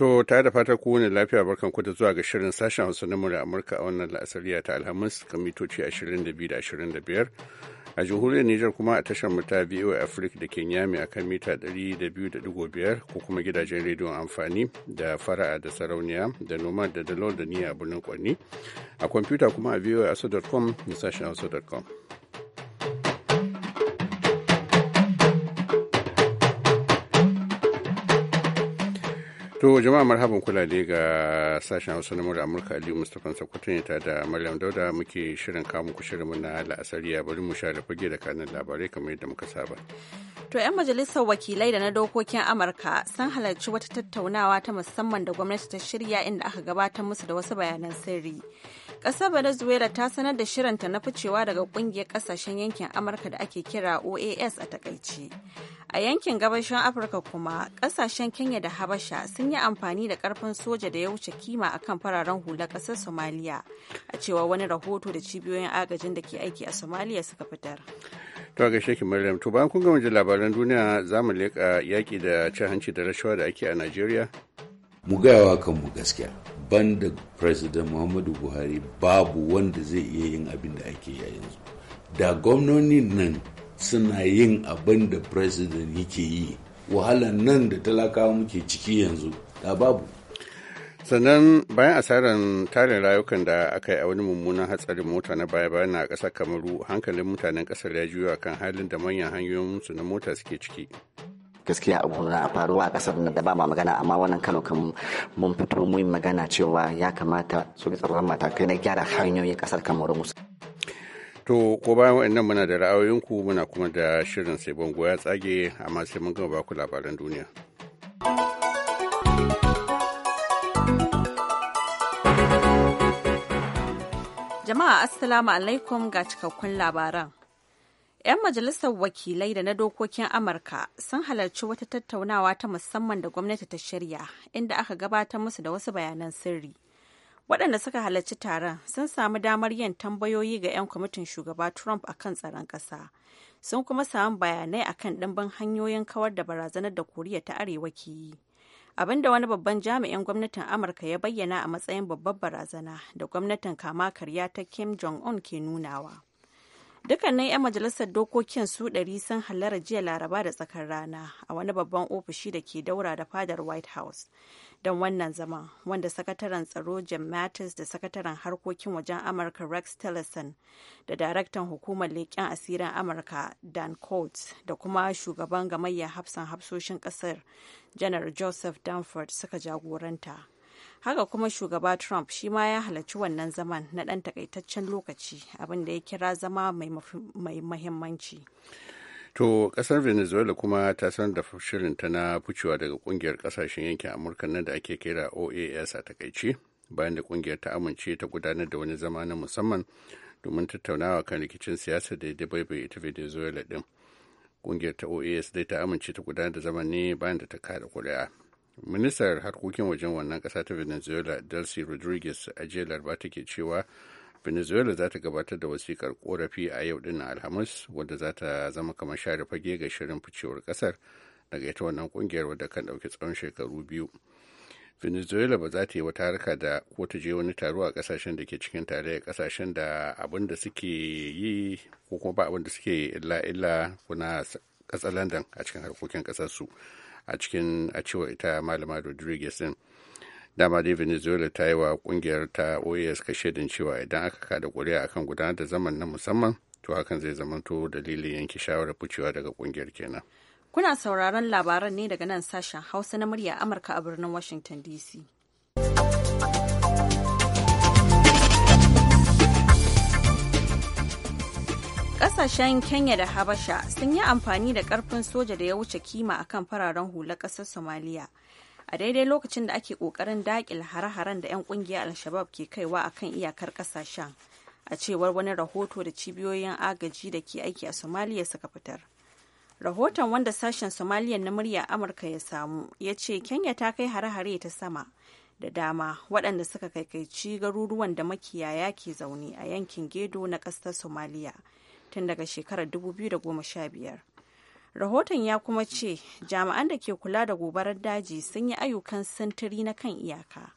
To ta da fata ku ne lafiya barkan ku da zuwa ga shirin sashen Hausa na murya Amurka a wannan la'asariya ta Alhamis kan mitoci 22 da 25 a jamhuriyar Nijar kuma a tashar mu ta VOA Africa da ke Nyame a kan mita 200.5 ko kuma gidajen rediyon amfani da fara'a da sarauniya da noma da dalol da niyya a birnin Kwanni a kwamfuta kuma a voa.com da sashen hausa.com. To jama'a marhaban kula da ga sashen Hausa na Mura Amurka Aliyu Mustapha Sokoto ne ta da Maryam Dauda muke shirin kamun ku shirin na la'asari ya bari mu sha da fage da kanin labarai kamar yadda muka saba. To 'yan majalisar wakilai da na dokokin Amurka sun halarci wata tattaunawa ta musamman da gwamnati ta shirya inda aka gabatar musu da wasu bayanan sirri. Ƙasar Venezuela ta sanar da shirinta na ficewa daga ƙungiyar ƙasashen yankin Amurka da ake kira OAS a takaice. A yankin gabashin Afirka kuma, ƙasashen Kenya da Habasha sun yi amfani da ƙarfin soja da ya wuce kima a kan fararen hula ƙasar Somalia, a cewa wani rahoto da cibiyoyin agajin da ke aiki a Somalia suka fitar. To ga Shekin Maryam, to bayan kun gama labaran duniya za mu leƙa yaƙi da cin hanci da rashawa da ake a Najeriya? Mu gaya wa kanmu gaskiya. banda president muhammadu buhari babu wanda zai iya yin abin da ake yi yanzu da gwamnonin nan suna yin abin da president yake yi wahalan nan da talakawa muke ciki yanzu da babu sannan bayan asarar tarin rayukan da aka yi a wani mummunan hatsarin mota na baya bayan a kasar kamaru hankalin mutanen ƙasar ya juya kan halin da manyan hanyoyin su na mota suke ciki gaskiya a abu a faruwa a kasar da ba ma magana amma wannan kano kan mun fito mun magana cewa ya kamata su bi tsaron matakai na gyara hanyoyin kasar kamar musu to ko bayan waɗannan muna da ra'ayoyinku muna kuma da shirin sai bango ya tsage amma sai mun gama ku labaran duniya jama'a assalamu alaikum ga cikakkun labaran 'Yan majalisar wakilai da na dokokin Amurka sun halarci wata tattaunawa ta musamman da gwamnati ta shirya, inda aka gabatar musu da wasu bayanan sirri. Waɗanda suka halarci taron sun samu damar yin tambayoyi ga 'yan kwamitin shugaba Trump a kan tsaron ƙasa. Sun kuma samu bayanai akan ɗimbin hanyoyin kawar da barazanar da Koriya ta Arewa ke yi. abinda wani babban jami'in gwamnatin amurka ya bayyana a matsayin babbar barazana da gwamnatin kama karya ta kim jong-un ke nunawa dukkanin 'yan majalisar dokokin su ɗari sun halara jiya laraba da tsakar rana a wani babban ofishi da ke daura da fadar white house don wannan zama wanda sakataren tsaro jim mattis da sakataren harkokin wajen amurka rex tillerson da daraktan hukumar leƙen asirin amurka dan coates da kuma shugaban gamayyar hafsan hafsoshin ƙasar janar joseph danford suka jagoranta haka kuma shugaba trump shi ma ya halarci wannan zaman na ɗan takaitaccen lokaci abin da ya kira zama mai mahimmanci to kasar venezuela kuma ta sanar da shirin ta na ficewa daga kungiyar kasashen yankin amurka nan da ake kira oas a takaice bayan da kungiyar ta amince ta gudanar da wani zama na musamman domin tattaunawa kan rikicin siyasa da ya bai ita venezuela din kungiyar ta oas dai ta amince ta gudanar da zaman ne bayan da ta kada kuri'a ministar harkokin wajen wannan kasa ta venezuela delcy rodriguez a jiya laraba take cewa venezuela za ta gabatar da wasikar korafi a yau din alhamis wadda za ta zama kamar share fage ga shirin ficewar kasar daga ita wannan kungiyar wadda kan dauki tsawon shekaru biyu venezuela ba za ta yi wata harka da ko ta je wani taro a kasashen da ke cikin tarayyar kasashen da abin da suke yi ko kuma ba abin da suke illa illa kuna ƙasar london a cikin harkokin kasarsu. su a cikin a cewa ita malama rodriguez din dama dai venezuela ta yi wa kungiyar ta oas kashedin cewa idan aka kada kuri'a akan gudanar da zaman na musamman to hakan zai zamanto dalilin yanke shawarar ficewa daga kungiyar kenan kuna sauraron labaran ne daga nan sashen hausa na murya amurka a birnin washington dc Ƙasashen Kenya da Habasha sun yi amfani da ƙarfin soja da ya wuce kima a kan fararen hula ƙasar Somalia. A daidai lokacin da ake ƙoƙarin daƙil hare-haren da 'yan ƙungiyar Al-Shabab ke kaiwa a kan iyakar ƙasashen. A cewar wani rahoto da cibiyoyin agaji da ke aiki a Somalia suka fitar. rahoton wanda sashen somaliya na murya amurka ya samu ya ce kenya ta kai hare-hare ta sama da dama waɗanda suka kaikaici garuruwan da makiyaya ke zaune a yankin gedo na ƙasar somaliya tun daga shekarar 2015. Rahoton ya kuma ce jami'an da ke kula da gobarar daji sun yi ayyukan sintiri na kan iyaka.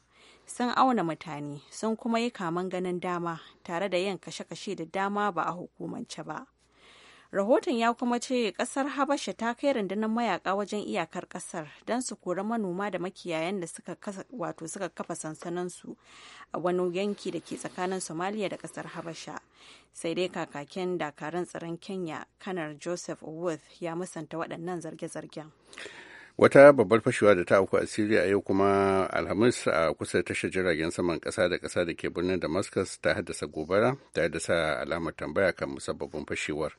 Sun auna mutane sun kuma yi kaman ganin dama tare da yin kashe-kashe da dama ba a hukumance ba. rahoton ya kuma ce kasar habasha ta kai rundunar mayaka wajen iyakar kasar don su kori manoma da makiyayan da suka wato suka kafa sansaninsu a wani yanki da ke tsakanin somaliya da kasar habasha sai dai kakakin dakarun tsaron kenya kanar joseph worth ya musanta waɗannan zarge-zargen wata babbar fashewa da ta auku a yau kuma Alhamis a kusa tashar jiragen saman kasa da kasa da ke birnin Damascus ta haddasa gobara ta haddasa alamar tambaya kan musabbabin fashewar.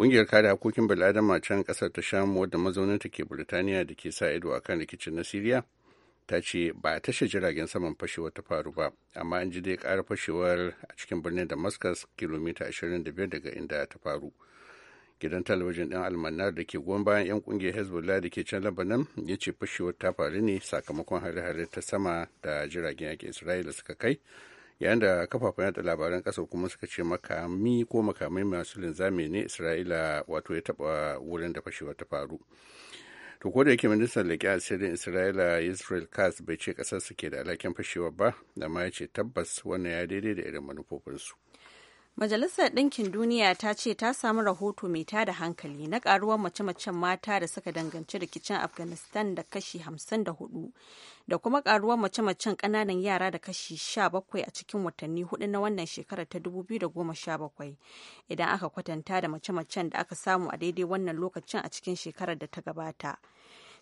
Ƙungiyar kare hakokin bil'adama can kasar ta shamu wadda mazauninta ke Birtaniya da ke sa ido a kan rikicin na Siriya ta ce ba a tashe jiragen saman fashewar ta faru ba, amma an ji dai ƙara fashewar a cikin birnin Damascus kilomita 25 daga inda ta faru. Gidan talabijin ɗin almanar da ke goma bayan 'yan ƙungiyar Hezbollah da ke can labanan ya ce fashewar ta faru ne sakamakon hare-hare ta sama da jiragen yaƙin Isra'ila suka kai yayin da kafafen yada labaran ƙasa kuma suka ce makami ko makamai masu linzami ne isra'ila wato ya taɓa wurin da fashewar ta faru to ko da yake ministan leƙi asirin isra'ila israel kas bai ce ƙasar su ke da alhakin fashewar ba da ya ce tabbas wannan ya daidai da irin manufofinsu Majalisar Ɗinkin Duniya ta ce ta samu rahoto mai tada hankali na ƙaruwar mace-macen mata da suka danganci rikicin Afghanistan da kashi 54 da kuma ƙaruwar mace-macen ƙananan yara da kashi 17 a cikin watanni hudu na wannan shekarar ta 2017 idan aka kwatanta da mace-macen da aka samu a daidai wannan lokacin a cikin shekarar da ta gabata.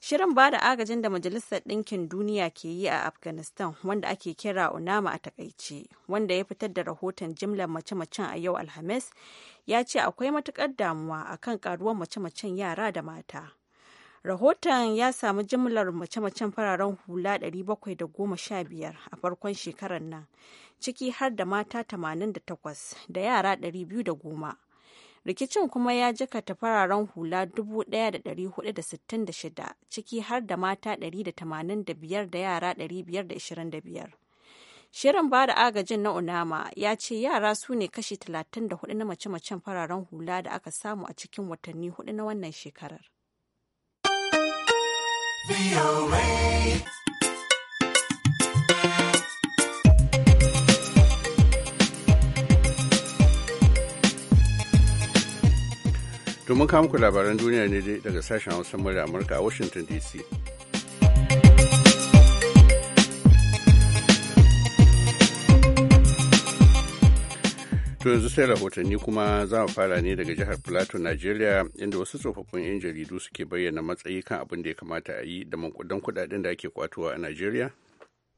Shirin ba da agajin da Majalisar Ɗinkin Duniya ke yi a Afghanistan wanda ake kira UNAMA a takaice, wanda ya fitar da rahoton jimlar mace-macen a yau Alhamis, ya ce akwai matukar damuwa a kan karuwar mace-macen yara da mata. Rahoton ya samu jimlar mace-macen fararen hula 715 a farkon shekarar nan, ciki har da mata 88 da yara 210. rikicin kuma ya jikata fararen hula 1,466 ciki har da mata 185 da yara 525 shirin ba da agajin na unama ya ce yara su ne kashi 34 na mace-macen fararen hula da aka samu a cikin watanni hudu na wannan shekarar domin kawo muku labaran duniya ne dai daga sashen hausa murya amurka a washington dc to yanzu sai rahotanni kuma za mu fara ne daga jihar plateau nigeria inda wasu tsofaffin 'yan jaridu suke bayyana matsayi kan abin da ya kamata a yi da mankudan kudaden da ake kwatowa a nigeria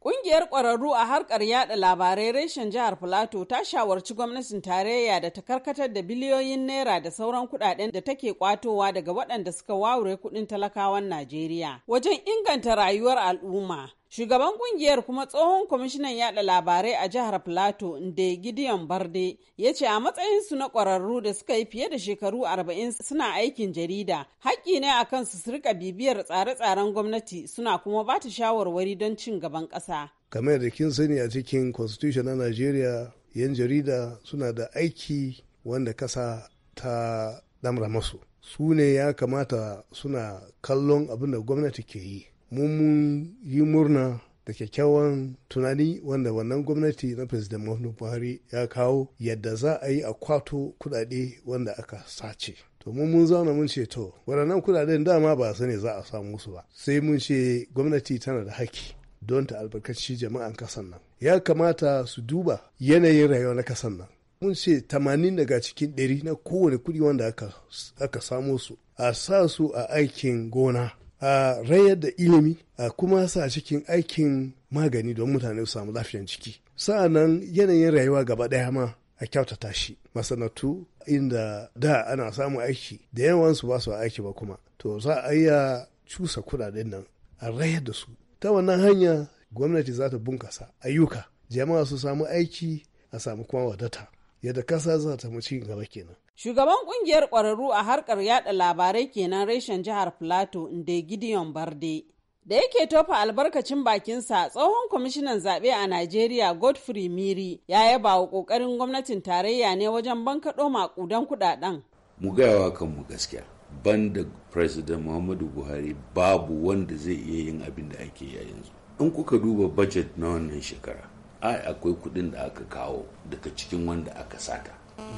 Ƙungiyar ƙwararru a harkar yada labarai reshen jihar Filato ta shawarci gwamnatin tarayya da ta karkatar da biliyoyin naira da sauran kuɗaɗen da take kwatowa daga waɗanda suka wawure kuɗin talakawan Najeriya wajen inganta rayuwar al'umma Shugaban kungiyar kuma tsohon kwamishinan yada labarai a jihar Plato da Gideon Barde ya ce a matsayinsu na ƙwararru da suka yi fiye da shekaru 40 suna aikin jarida, haƙƙi ne a kansu su rika bibiyar tsare-tsaren gwamnati suna kuma ba ta shawarwari don cin gaban ƙasa. Kamar da kin sani a cikin Constitution na Najeriya, 'yan jarida suna da aiki wanda ƙasa ta damra masu. Su ne ya kamata suna kallon abin da gwamnati ke yi. mun yi murna da kyakkyawan tunani wanda wannan gwamnati na president muhammadu buhari ya kawo yadda za a yi a kwato kudade wanda aka sace to mun mun zauna mun ce to waɗannan kudaden dama ba sani za a samu su ba sai mun ce gwamnati tana da haƙƙi don ta albarkaci jama'an kasan nan ya kamata su duba yanayin rayuwa na kasan nan mun ce tamanin daga cikin ɗari na kowane kuɗi wanda aka, aka samo su a sa su a aikin gona a rayar da ilimi a kuma sa cikin aikin magani don mutane su samu lafiyan ciki sa'annan yanayin rayuwa gaba ɗaya ma a kyautata shi masanatu inda da ana samun aiki da yawansu ba su aiki ba kuma to za a iya cusa kudaden nan a rayar da su ta wannan hanya gwamnati za ta bunkasa ayyuka jama'a su samu aiki a samu kuma wadata yadda kasa za ta mu gaba kenan. Shugaban kungiyar ƙwararru a harkar yada labarai kenan reshen jihar Plateau Nde Gideon Barde. Da yake tofa albarkacin bakinsa tsohon kwamishinan zaɓe a Najeriya Godfrey Miri ya yaba wa ƙoƙarin gwamnatin tarayya ne wajen bankaɗo maƙudan kuɗaɗen. Mu gayawa kanmu gaskiya. ban da President Muhammadu Buhari babu wanda zai iya yin abin da ake yi yanzu. In kuka duba budget na wannan shekara, ai akwai kuɗin da aka kawo daga cikin wanda aka sata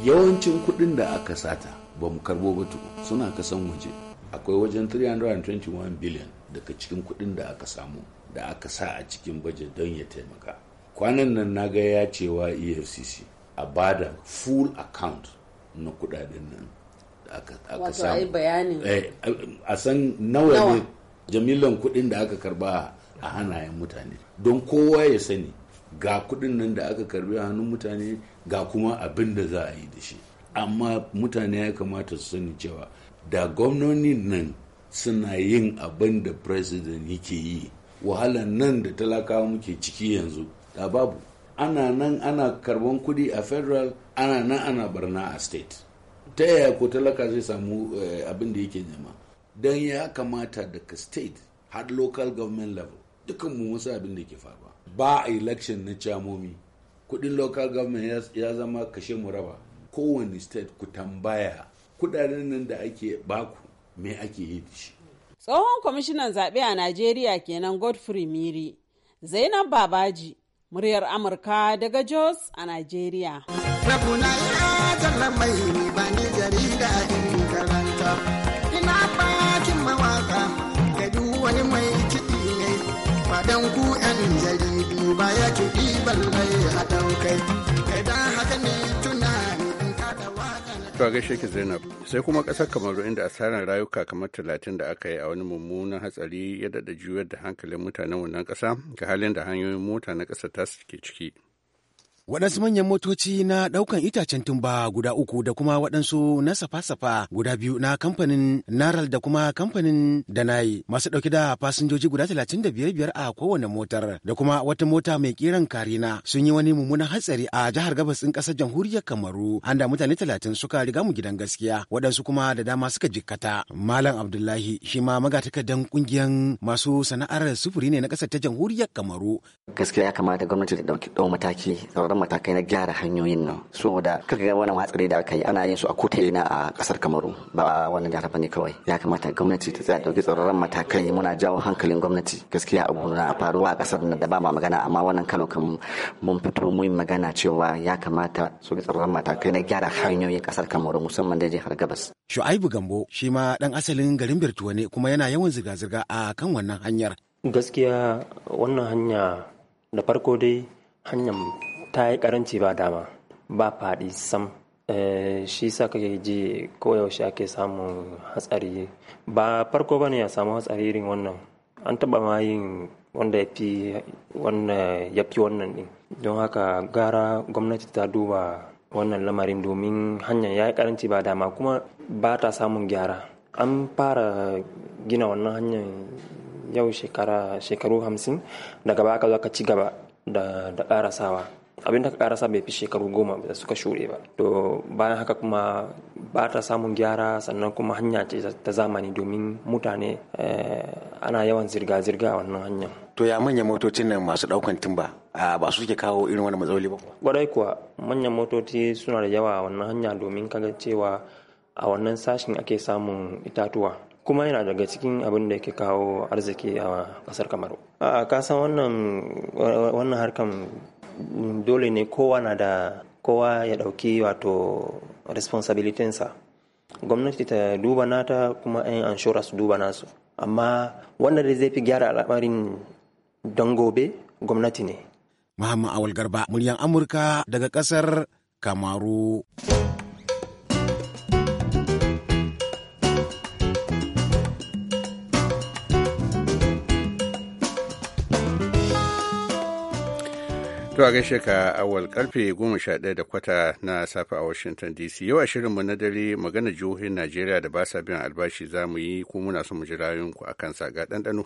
yawancin kuɗin da aka sata ba mu karbo ba suna kasan waje akwai wajen 321 billion daga cikin kuɗin da aka samu da aka sa a cikin baje don ya taimaka kwanan nan na ga ya cewa efcc a bada full account na kudaden nan da aka samu eh, a san nawa ne jamilan kuɗin da aka karba a hannayen mutane don kowa ya sani ga kudin nan da aka karbi a hannun mutane ga kuma abin da za a yi da shi amma mutane ya kamata su sani cewa da gwamnonin nan suna yin abin da president yake yi wahala nan da talakawa muke ciki yanzu da babu ana nan ana karban kudi a federal ana nan ana barna a state ta yaya ko talaka zai samu eh, abin da yake nema don ya kamata daga state har local government level dukkan mu wasu abin da ke faruwa ba a election na camomi kudin local government ya zama kashe mu raba kowane state ku tambaya kudaden nan da ake baku me ake yi da shi tsohon kwamishinan zaɓe a najeriya kenan godfrey miri zainab babaji muryar amurka daga jos a najeriya rabuna ya ina bakin mawaka ga duk wani mai fadan ku yan jaridu ba ya ci ɗiban mai a kai idan haka ne tunani to ga ki zainab sai kuma ƙasar kamaru inda asarar rayuka kamar talatin da aka yi a wani mummunan hatsari ya daɗa juyar da hankalin mutanen wannan kasa ga halin da hanyoyin mota na kasa ta ke ciki waɗansu manyan motoci na ɗaukan itacen tumba guda uku da kuma waɗansu na safa-safa guda biyu na kamfanin naral da kuma kamfanin danai masu ɗauke da fasinjoji guda talatin da biyar biyar a kowane motar da kuma wata mota mai kiran karina sun yi wani mummunan hatsari a jihar gabas ɗin ƙasar jamhuriyar kamaru an da mutane talatin suka riga mu gidan gaskiya waɗansu kuma da dama suka jikkata malam abdullahi shi ma magatakardan ƙungiyan masu sana'ar sufuri ne na ƙasar ta jamhuriyar kamaru gaskiya ya kamata gwamnati ta ɗauki ɗau mataki sauran matakai na gyara hanyoyin nan saboda kaga ga wannan hatsari da aka yi ana yin su a kota ina a kasar kamaru ba a wannan jihar bane kawai ya kamata gwamnati ta tsaya dauki tsauraran matakai muna jawo hankalin gwamnati gaskiya abu na faruwa a kasar nan da ba ma magana amma wannan kano kan mun fito mu magana cewa ya kamata su bi tsauraran matakai na gyara hanyoyin kasar kamaru musamman da jihar gabas shu'aibu gambo shi ma dan asalin garin birtuwa ne kuma yana yawan zirga-zirga a kan wannan hanyar gaskiya wannan hanya da farko dai hanyar ta yi karanci ba dama ba faɗi sam eh, shi sa kake ji koyaushe ake samun hatsari ba farko ba ne a samu hatsari irin wannan an taɓa ma yin wanda ya fi wannan ɗin don haka gara gwamnati ta duba wannan lamarin domin hanyar ya yi karanci ba dama kuma ba ta samun gyara an fara gina wannan hanyar yau shekaru hamsin daga baya zo ka ci gaba da ƙarasawa abinda ka karasa bai fi shekaru goma da suka shure ba to bayan haka kuma ba ta samun gyara sannan kuma hanya ce ta zamani domin mutane eh, ana yawan zirga-zirga a wannan hanyar to ya manyan motocin nan masu daukan timba ba su ke kawo irin wani matsaloli ba kwarai kuwa manyan motoci suna da yawa a wannan hanya domin kaga cewa a wannan sashin ake samun itatuwa kuma yana daga cikin abin da yake kawo arziki a kasar kamaru a kasan wannan harkan dole ne kowa na da kowa ya dauki wato responsibilitinsa gwamnati ta duba nata kuma 'yan anshora su duba nasu amma wanda da zai fi gyara al'amarin don gobe gwamnati ne muhammad awal garba muryan amurka daga ƙasar kamaru. zuwa a gaishe ka awal karfe 11 da kwata na safe a Washington DC. Yau a shirinmu na dare magana jihohin Najeriya da ba sa biyan albashi za mu yi ko muna son mu ji rayuwanku a kansa ga ɗanɗano.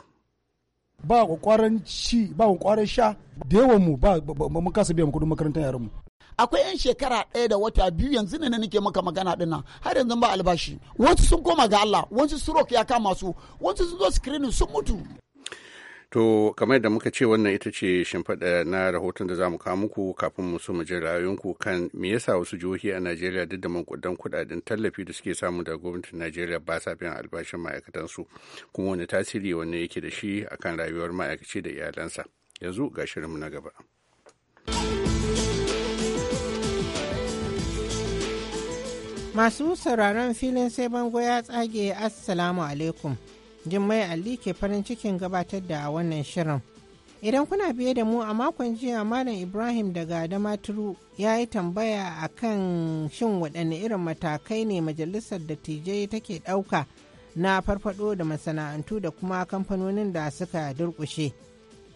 Ba kwakwaran ci, ba sha, da yawan mu ba mun kasa biyan kuɗin makarantar yaran mu. Akwai 'yan shekara ɗaya da wata biyu yanzu ne nake maka magana ɗin har yanzu ba albashi. Wasu sun koma ga Allah, wasu stroke ya kama su, wasu sun zo screening sun mutu. To kamar da muka ce wannan ita ce shimfaɗa na rahoton da za mu kawo muku kafin mu so mu ji ra'ayoyinku kan me yasa wasu jihohi a Najeriya duk da mankudan kuɗaɗen tallafi da suke samu da gwamnatin Najeriya ba sa biyan albashin su kuma wani tasiri wanne yake da shi akan rayuwar ma'aikaci da iyalansa. Yanzu ga shirinmu na gaba. Masu sauraron filin sai bango ya tsage Assalamu alaikum. Jummai Ali ke farin cikin gabatar da wannan shirin. Idan kuna biye da mu a makon jiya Malam Ibrahim daga Damaturu ya yi tambaya a kan shin waɗanne irin matakai ne majalisar dattijai take ɗauka na farfado da masana'antu da kuma kamfanonin da suka durƙushe.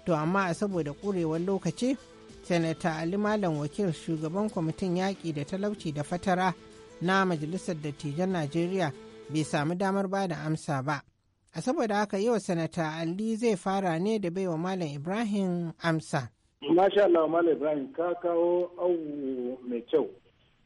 To amma saboda ƙurewar lokaci, Sanata Ali Malam Wakil shugaban kwamitin yaƙi da talauci da fatara na majalisar dattijan Najeriya bai samu damar ba da amsa ba. A saboda haka yau sanata Ali zai fara ne da baiwa Malam Ibrahim amsa. Masha Allah Malam Ibrahim ka kawo awu mai kyau.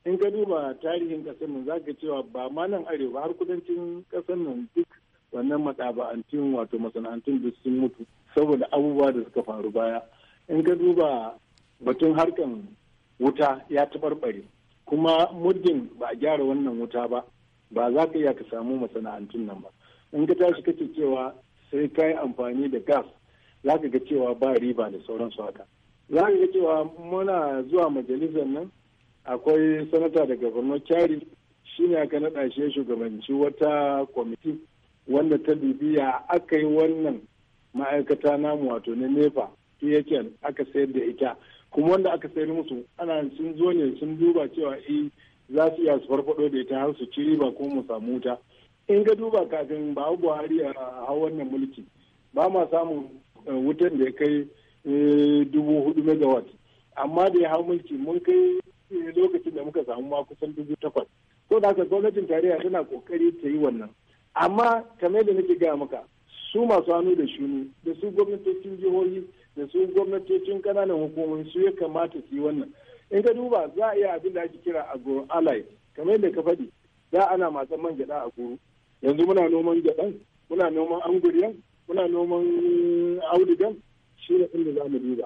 In ka duba tarihin ƙasar nan za ka cewa ba ma nan arewa har kudancin ƙasar nan duk wannan matsaba'antun wato masana'antun da sun mutu saboda abubuwa da suka faru baya. In ka duba batun harkan wuta ya taɓarɓare kuma muddin ba a gyara wannan wuta ba ba za ka iya ka samu masana'antun nan ba. in ka tashi kake cewa sai ka yi amfani da gas za ka ga cewa ba riba da sauransu haka za ka ga cewa muna zuwa majalisar nan akwai sanata daga borno shi shine aka naɗa shi ya shugabanci wata kwamiti wanda ta bibiya aka yi wannan ma'aikata namu wato na nefa phl aka sayar da ita kuma wanda aka sayar musu ana sun zo ne sun duba cewa eh za su iya su farfado da ita har su ci riba ko mu samu wuta in ga duba kafin ba buhari a hau wannan mulki ba ma samun eh, wutan da ya kai eh, dubu hudu megawatt amma da ya hau mulki mun kai eh, lokacin da muka samu ma kusan dubu takwas ko da haka gwamnatin tarayya tana kokari ta yi wannan amma kamar da nake gaya maka su masu hannu da shuni da su gwamnatocin jihohi da su gwamnatocin kananan hukumomi su ya kamata su yi wannan in ka duba za a iya abin da ake kira agro alai kamar da ka faɗi za ana matsan man gyaɗa a guru yanzu muna noman gyaɗan muna noman anguriyan muna noman audigan shi ne inda za mu duba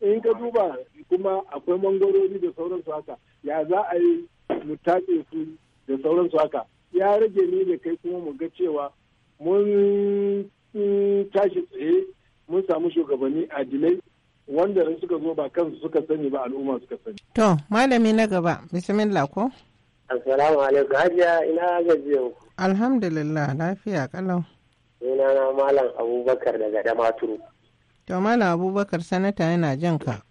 in ka duba kuma akwai mangarori da sauransu haka ya za a yi mu tace su da sauransu haka ya rage ni da kai kuma mu ga cewa mun tashi tsaye mun samu shugabanni a dilai wanda in suka zo ba kansu suka sani ba al'umma suka sani. To, malami na gaba, bismillah ko? Assalamu alaikum, hajiya ina gajiyan Alhamdulillah lafiya kalau. sunana na Malam Abubakar daga Damaturu. To Malam Abubakar sanata yana jan ka.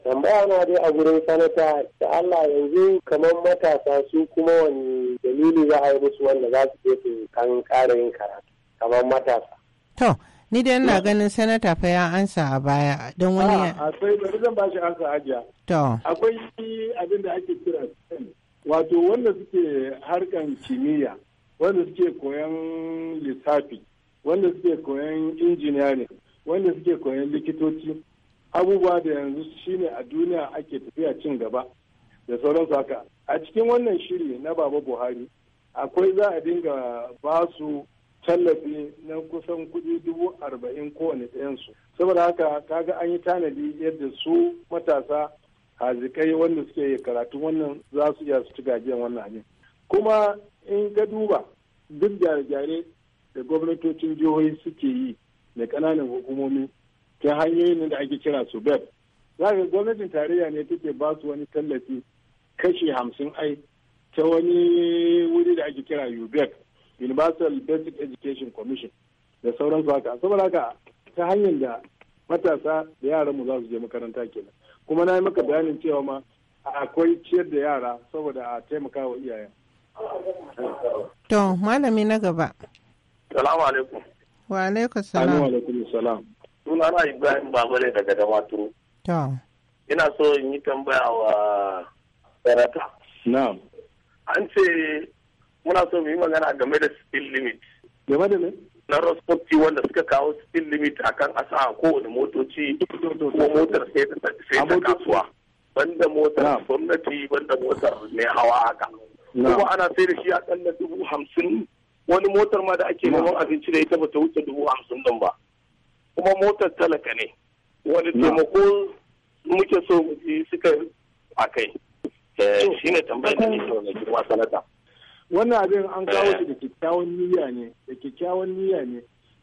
Tambaya na dai a gurin sanata da Allah yanzu kamar matasa su kuma wani dalili za a yi musu wanda za su je su kan ƙara yin karatu kamar matasa. To ni dai ina ganin sanata fa ya ansa a baya don wani. A sai ah, bari zan ba shi ansa ajiya. To. Akwai abin da ake kira wato wanda suke harkan kimiyya. wanda suke koyan lissafi wanda suke koyan injiniya wanda suke koyan likitoci abubuwa da yanzu shine a duniya ake tafiya cin gaba da sauransu haka a cikin wannan shiri na baba buhari akwai za a dinga ba su tallafi na kusan kudi dubu arba'in kowane ɗayansu saboda haka kaga an yi tanadi yadda su matasa hazikai wanda suke karatu wannan za su iya su ci gajiyan wannan abin kuma in ka duba duk gyare-gyare da gwamnatocin jihohi suke yi da ƙananan hukumomi ta hanyoyin da ake kira su beb za ka gwamnatin tarayya ne take ba su wani tallafi kashi hamsin ai ta wani wuri da ake kira ubec universal basic education commission da sauransu haka saboda haka ta hanyar da matasa da yaranmu za su je makaranta kenan kuma na yi maka bayanin cewa ma akwai ciyar da yara saboda a taimaka wa iyayen To, malami na gaba. Salamu alaikum. Wa alaikum salam. Wa alaikum salam. Suna na Ibrahim Babale daga Damaturu. To. Ina so in yi tambaya wa Sarata. Na'am. An ce muna so mu yi magana game da speed limit. Game da ne? Na raspotti wanda suka kawo speed limit a kan asa a kowane motoci ko motar sai ta kasuwa. Banda motar gwamnati banda motar mai hawa haka. kuma ana sai da shi a ƙalla dubu hamsin wani motar ma da ake neman abinci da ita bata wuce dubu hamsin din ba kuma motar talaka ne wani taimako muke so suka a kai eh, shi ne tambayar da nake girma sanata wannan abin an kawo shi eh. da kyakkyawan niyya ne da kyakkyawan niyya ne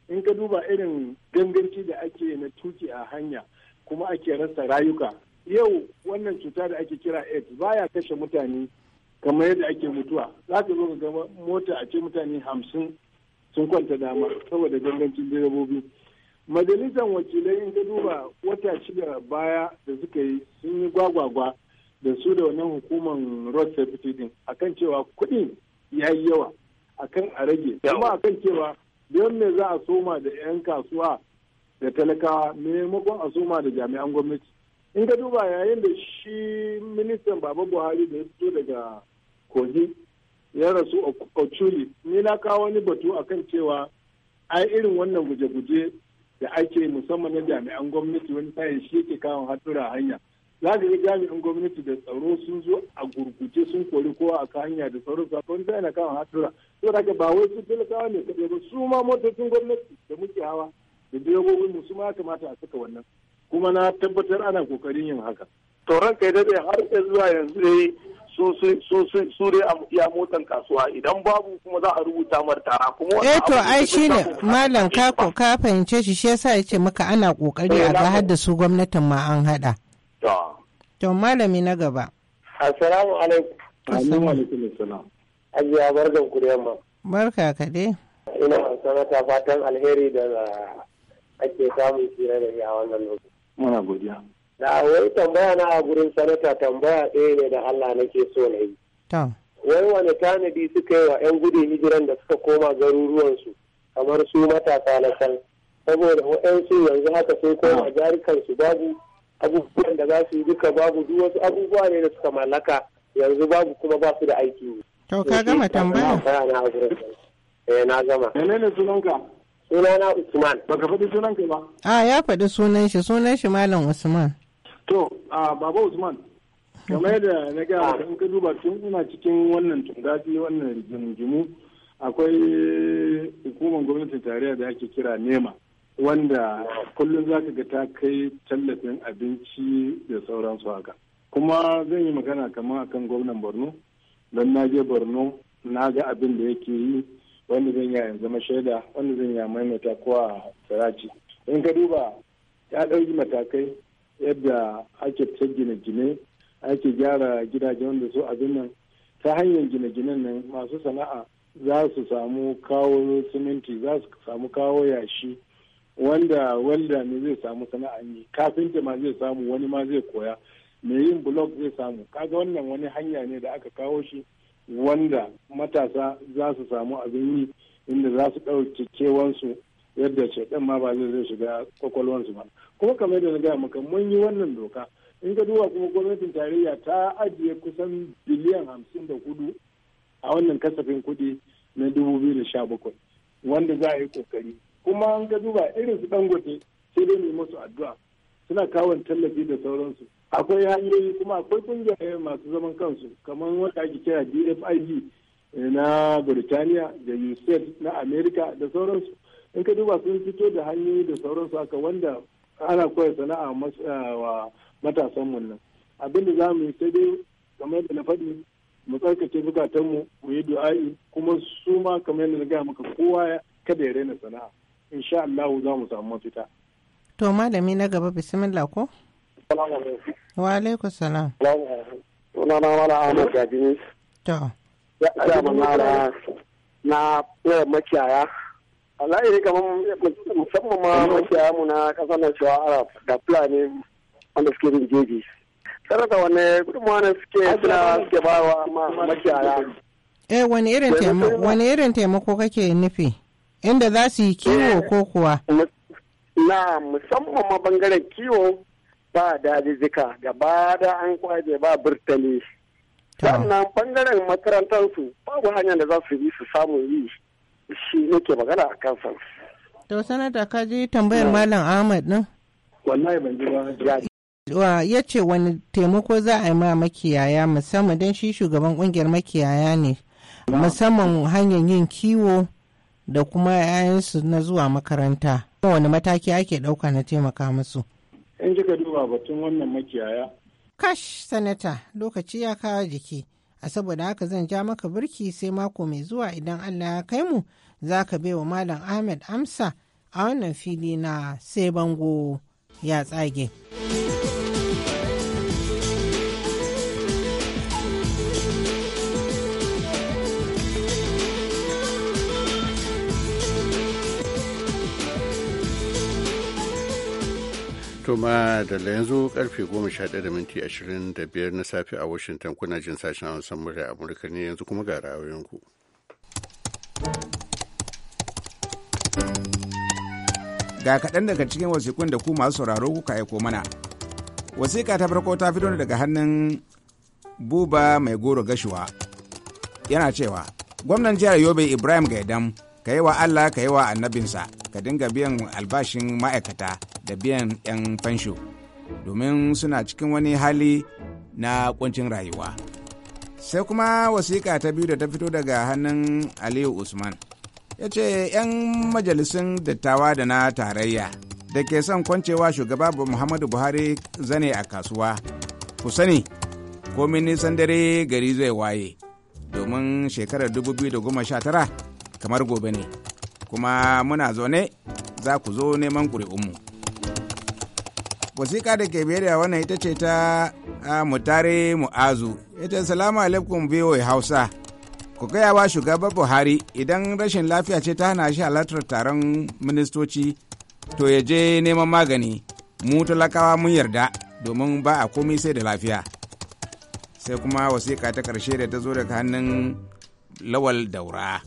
in ka duba irin ganganci da ake na tuki a hanya kuma ake rasa rayuka yau wannan cuta da ake kira aids baya kashe mutane kamar yadda ake mutuwa za ka zo ka ga mota a ce mutane hamsin sun kwanta dama saboda gangancin direbobi majalisar wakilai in ka duba wata shida baya da suka yi sun yi gwagwagwa da su da wannan hukumar road safety din akan cewa kuɗi ya yi yawa akan a rage kuma akan cewa don me za a soma da 'yan kasuwa da talakawa maimakon a soma da jami'an gwamnati in ka duba yayin da shi ministan baba buhari da ya fito daga kogi ya rasu a ni na kawo wani batu akan cewa ai irin wannan guje-guje da ake musamman na jami'an gwamnati wani tayin shi yake kawo hatsura hanya za ka yi jami'an gwamnati da tsaro sun zo a gurguje sun kori kowa a hanya da tsaro sakon sai na kawo hatsura to daga ba wai su talakawa ne kaɗai ba su ma motocin gwamnati da muke hawa da direbobin mu su ma kamata a saka wannan kuma na tabbatar ana kokarin yin haka to ranka ya dade har zuwa yanzu dai su dai ya motan kasuwa idan babu kuma za a rubuta martara kuma eh to ai ne malam kako ka fahimce shi shi yasa yace maka ana kokari eh, a ga hadda su gwamnatin ma an hada to malami na gaba assalamu alaikum assalamu alaikum assalam ajiya barkan ku da yamma barka ka dai ina sanata fatan alheri da ake samun tsira da a wannan lokaci Muna godiya. Da wai tambaya na a gurin sanata tambaya ɗaya ne da Allah nake so na yi. Wai wani tanadi suka yi wa 'yan gudun hijiran da suka koma garuruwansu kamar su matasa na can. Saboda waɗansu yanzu haka sun koma su babu abubuwan da za su yi duka babu duk wasu abubuwa ne da suka mallaka yanzu babu kuma ba su da aiki. To ka gama tambaya? Eh, na gama. Menene sunanka? sunana Usman. Baka faɗi sunan ke ba? A ya faɗi sunan shi, sunan shi Malam Usman. To, a Baba Usman, kamar yadda na gaya in ka duba tun ina cikin wannan tungaji wannan rigimu akwai hukumar gwamnati tarayya da ake kira nema wanda kullum za ka ga ta kai tallafin abinci da sauransu haka kuma zan yi magana kamar akan gwamnan borno don na je borno na ga abin da yake yi wanda zan iya zama shaida wanda zan iya maimaita ko a saraci in ka duba ya ɗauki matakai yadda ake ta gine-gine ake gyara gidaje wanda su abin nan ta hanyar gina ginen nan masu sana'a za su samu kawo siminti za su samu kawo yashi wanda walda ne zai samu sana'a ne kafinta ma zai samu wani ma zai koya mai yin blog zai samu kaga wannan wani hanya ne da aka kawo shi wanda matasa za su samu abin yi inda za su ɗauki kewansu yadda shaɗan ma ba zai zai shiga kwakwalwansu ba kuma kamar yadda na gaya maka mun yi wannan doka in ka duba kuma gwamnatin tarayya ta ajiye kusan biliyan hamsin da hudu a wannan kasafin kuɗi na dubu biyu da sha bakwai wanda za a yi kokari kuma an ka duba irin su dangote sai dai mu musu addu'a suna kawon tallafi da sauransu akwai hanyoyi kuma akwai kungiyoyi masu zaman kansu kamar wanda ake kira dfid eh, na Burtaniya da USAID na Amerika da sauransu in ka duba sun fito da hanyoyi da sauransu aka wanda ana koya sana'a wa matasan mu nan abin da za mu yi sai dai kamar yadda na faɗi mu tsarkake bukatanmu mu yi du'a'i kuma su ma kamar yadda na gaya maka kowa kada ya raina sana'a insha allahu za mu samu mafita To malami na gaba bismillah ko? Wa alaikum salam. Na na mala Ahmad Gajini. To. Ya mana na ɗaya makiyaya. Allah ya kamar musamman ma makiyaya mu na kasar na cewa Arab da Fulani wanda suke bin jeji. Sarrafa wani gudunmawa ne suke suna suke ba wa makiyaya. Eh wani irin taimako kake nufi? Inda za su yi kiwo ko kuwa? na musamman ma bangaren kiwo ba dajijjika gaba da an kwaje ba burtali sannan bangaren makarantarsu babu hanyar da za su yi su samu yi shi nake magana a kansa to sanata ka ji tambayar malam ahmad nan wallahi ban ji ba ya ce wani taimako za a yi ma makiyaya musamman don shi shugaban kungiyar makiyaya ne musamman hanyar yin kiwo da kuma 'ya'yansu na zuwa makaranta wani mataki ake ɗauka na taimaka musu in kika duba batun wannan makiyaya kash sanata lokaci ya kawo jiki a saboda haka zan ja maka birki sai mako mai zuwa idan allah ya kai mu za ka bai wa malam ahmed amsa a wannan fili na sai bango ya tsage. Tuma da yanzu karfe 11:25 na safe a Washington kuna jin sashen Hausa murya Amurka ne yanzu kuma ga ku. Ga kaɗan daga cikin wasikun da ku masu sauraro kuka aiko mana. Wasiƙa ta farko ta fito daga hannun Buba Mai Goro Gashuwa. Yana cewa, Gwamnan jihar Yobe Ibrahim Gaidam, ka yi wa Allah ka yi wa annabinsa. ka dinga biyan albashin ma'aikata da biyan 'yan fansho domin suna cikin wani hali na kuncin rayuwa sai kuma wasiƙa ta biyu da ta fito daga hannun aliyu usman ya ce 'yan majalisun dattawa da na tarayya da ke son kwancewa shugaba muhammadu buhari zane a kasuwa ku sani komin nisan dare gari zai waye domin shekarar 2019 kamar gobe ne kuma muna zaune za ku zo neman ƙuri'unmu. Wasiƙa da ke biyar da wannan ita ce ta mutare mu'azu ita salamu alaikum biyoyi hausa ku gaya wa shugaba buhari idan rashin lafiya ce ta hana shi halartar taron ministoci to ya je neman magani mu talakawa mun yarda domin ba a komai sai da lafiya sai kuma wasiƙa ta ƙarshe da ta zo daga hannun lawal daura.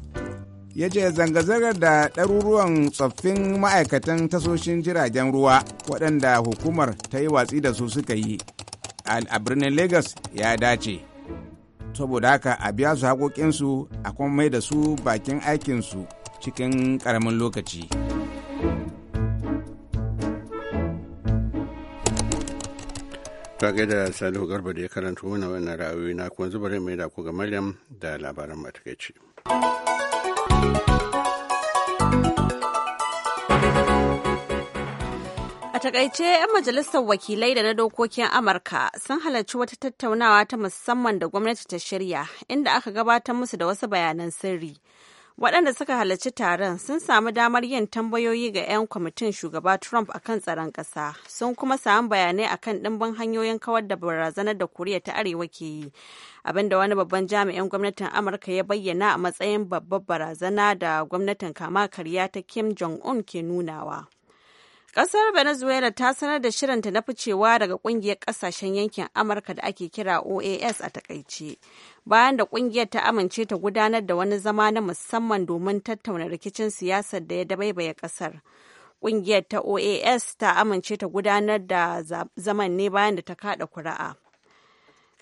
ya ce zanga-zangar da ɗaruruwan tsoffin ma'aikatan tasoshin jiragen ruwa waɗanda hukumar ta yi watsi da su suka yi a birnin lagos ya dace saboda haka a biya su haƙoƙinsu a kuma mai da su bakin aikinsu cikin ƙaramin lokaci kage da salihu garba da ya karanta wani wannan ra'ayoyi na kuma zubarai mai da ku ga maryam da labaran matakaici. takaice 'yan majalisar wakilai da na dokokin Amurka sun halarci wata tattaunawa ta musamman da gwamnati ta shirya inda aka gabatar musu da wasu bayanan sirri. Waɗanda suka halarci taron sun samu damar yin tambayoyi ga 'yan kwamitin shugaba Trump akan tsaron ƙasa, sun kuma samu bayanai akan ɗimbin hanyoyin kawar da barazanar da Koriya ta Arewa ke yi, abinda wani babban jami'in gwamnatin Amurka ya bayyana a matsayin babbar barazana da gwamnatin kama karya ta Kim Jong-un ke nunawa. Ƙasar Venezuela ta sanar da shirinta na ficewa daga ƙungiyar ƙasashen yankin Amurka da ake kira OAS a takaice. Bayan da ƙungiyar ta amince ta gudanar da wani zama na musamman domin tattauna rikicin siyasar da ya dabaibaye ƙasar. Ƙungiyar ta OAS ta amince ta gudanar da zaman ne bayan da ta kaɗa kura'a.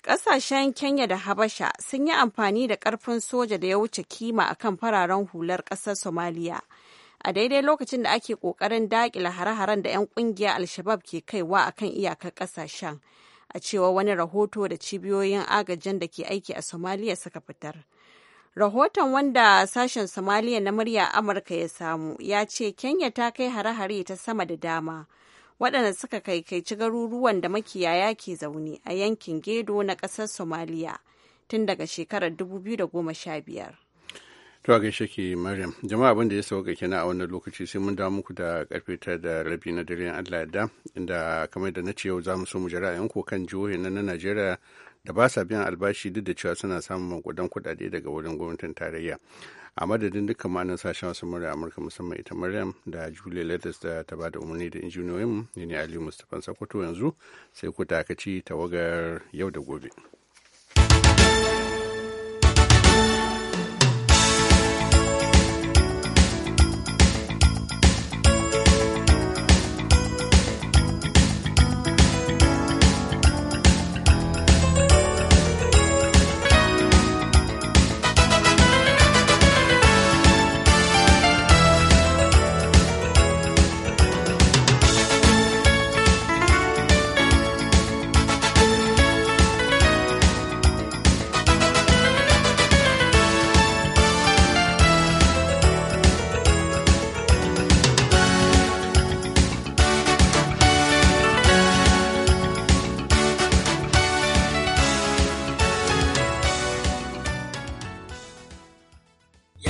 Ƙasashen Kenya da Habasha sun yi amfani da ƙarfin soja da ya wuce kima akan fararen hular ƙasar Somaliya. a daidai lokacin da ake kokarin dakila hare-haren da 'yan kungiya alshabab ke kaiwa a kan iyakar kasashen a cewa wani rahoto da cibiyoyin agajin da ke aiki a somaliya suka fitar rahoton wanda sashen somaliya na murya amurka ya samu ya ce kenya ta kai hare-hare ta sama da dama waɗanda suka kaikaici garuruwan da makiyaya ke zaune a yankin gedo na ƙasar somaliya tun daga shekarar 2015 tuwa gaishe ke maryam jama'a abin da ya sauka kenan a wannan lokaci sai mun damu ku da karfe ta da rabi na dare allah yadda inda kamar da na ce yau za mu so mu jira yanko kan jihohi na najeriya da ba sa biyan albashi duk da cewa suna samun mankudan kuɗaɗe daga wurin gwamnatin tarayya a madadin dukkan ma'anar sashen wasu murya amurka musamman ita maryam da julia letters da ta ba da umarni da injiniyoyin ne ne ali mustapha sakoto yanzu sai ku takaci tawagar yau da gobe.